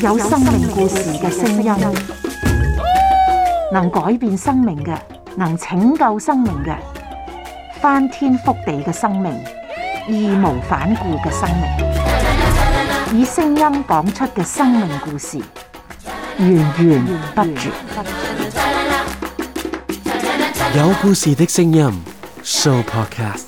有生命故事嘅聲音，能改變生命嘅，能拯救生命嘅，翻天覆地嘅生命，義無反顧嘅生命，以聲音講出嘅生命故事，源源不絕。有故事嘅聲音，Show Podcast。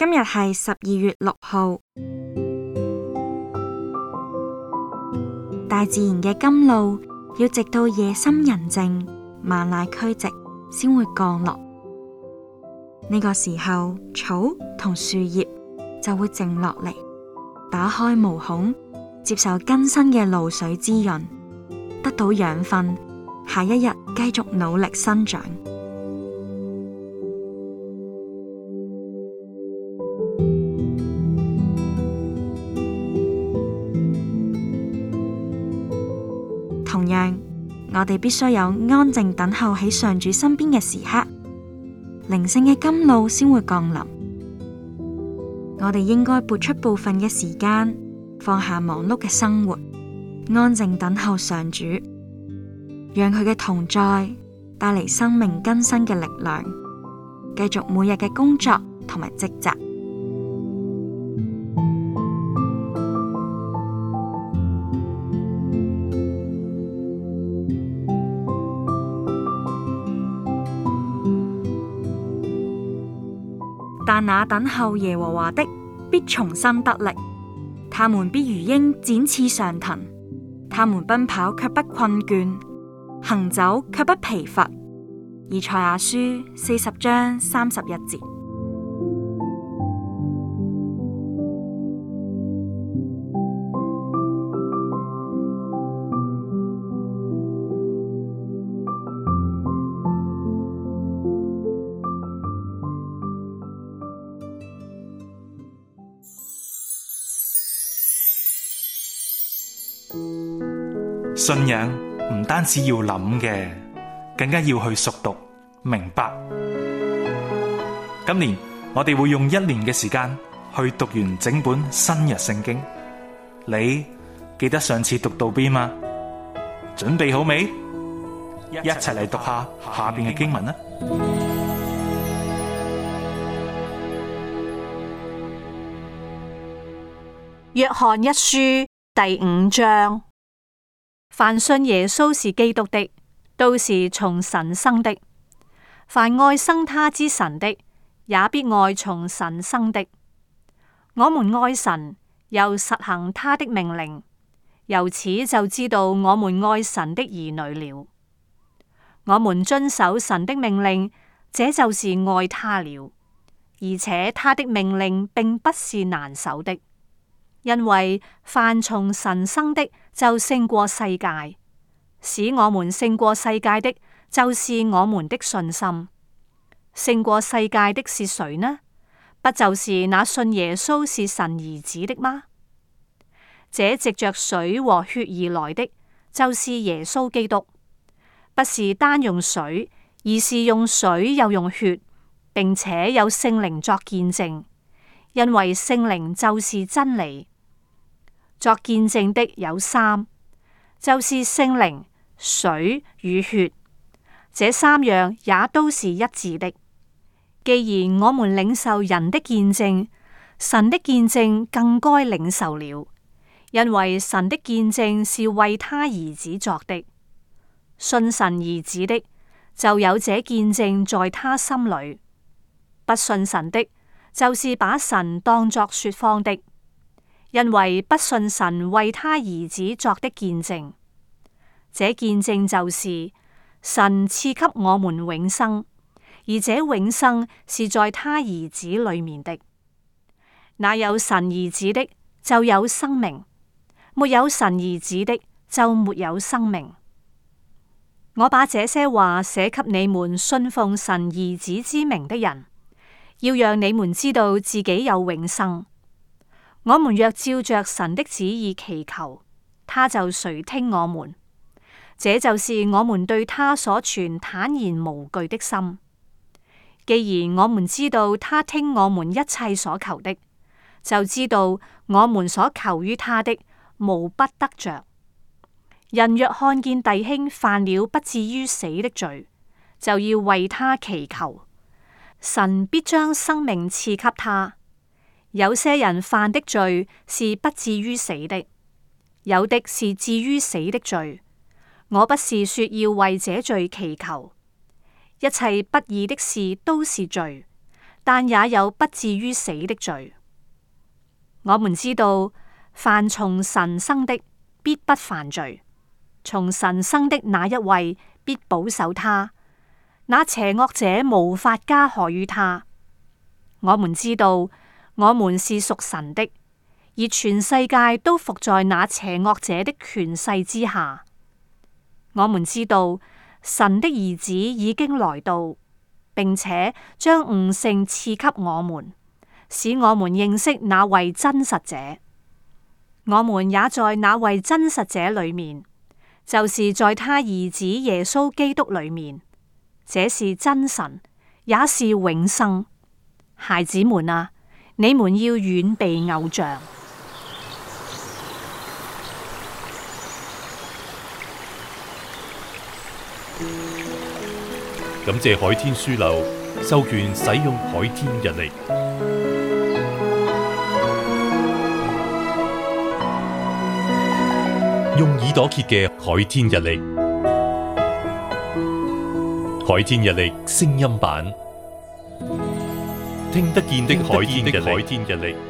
今日係十二月六號。大自然嘅甘露要直到夜深人靜、萬籟俱寂，先會降落。呢、這個時候，草同樹葉就會靜落嚟，打開毛孔，接受更新嘅露水滋潤，得到養分，下一日繼續努力生長。我哋必須有安靜等候喺上主身邊嘅時刻，靈性嘅甘露先會降臨。我哋應該撥出部分嘅時間，放下忙碌嘅生活，安靜等候上主，讓佢嘅同在帶嚟生命更新嘅力量，繼續每日嘅工作同埋職責。但那等候耶和華的必重新得力，他們必如鷹展翅上騰，他們奔跑卻不困倦，行走卻不疲乏。以賽亞書四十章三十一節。信仰唔單止要諗嘅，更加要去熟讀明白。今年我哋會用一年嘅時間去讀完整本新約聖經。你記得上次讀到邊嗎？準備好未？一齊嚟讀下下邊嘅經文啦。約翰一書第五章。凡信耶穌是基督的，都是從神生的；凡愛生他之神的，也必愛從神生的。我們愛神，又實行他的命令，由此就知道我們愛神的兒女了。我們遵守神的命令，這就是愛他了。而且他的命令並不是難守的。因為凡從神生的就勝過世界，使我們勝過世界的，就是我們的信心。勝過世界的是誰呢？不就是那信耶穌是神兒子的嗎？這藉着水和血而來的，就是耶穌基督。不是單用水，而是用水又用血，並且有聖靈作見證。因為聖靈就是真理，作見證的有三，就是聖靈、水與血，這三樣也都是一致的。既然我們領受人的見證，神的見證更該領受了，因為神的見證是為他兒子作的。信神兒子的，就有這見證在他心裏；不信神的。就是把神當作說謊的，因為不信神為他兒子作的見證。這見證就是神賜給我們永生，而這永生是在他兒子裏面的。那有神兒子的就有生命，沒有神兒子的就沒有生命。我把這些話寫給你們信奉神兒子之名的人。要讓你們知道自己有永生。我們若照着神的旨意祈求，他就垂聽我們。這就是我們對他所存坦然無懼的心。既然我們知道他聽我們一切所求的，就知道我們所求於他的無不得着。人若看見弟兄犯了不至於死的罪，就要為他祈求。神必將生命賜給他。有些人犯的罪是不至於死的，有的是至於死的罪。我不是說要為這罪祈求。一切不義的事都是罪，但也有不至於死的罪。我們知道，凡從神生的必不犯罪，從神生的那一位必保守他。那邪惡者無法加害於他。我們知道我們是屬神的，而全世界都伏在那邪惡者的權勢之下。我們知道神的兒子已經來到，並且將悟性賜給我們，使我們認識那位真實者。我們也在那位真實者裏面，就是在他兒子耶穌基督裏面。這是真神，也是永生。孩子們啊，你們要遠避偶像。感謝海天書樓授權使用海天日曆，用耳朵揭嘅海天日曆。海天日曆聲音版，聽得見的海天日曆。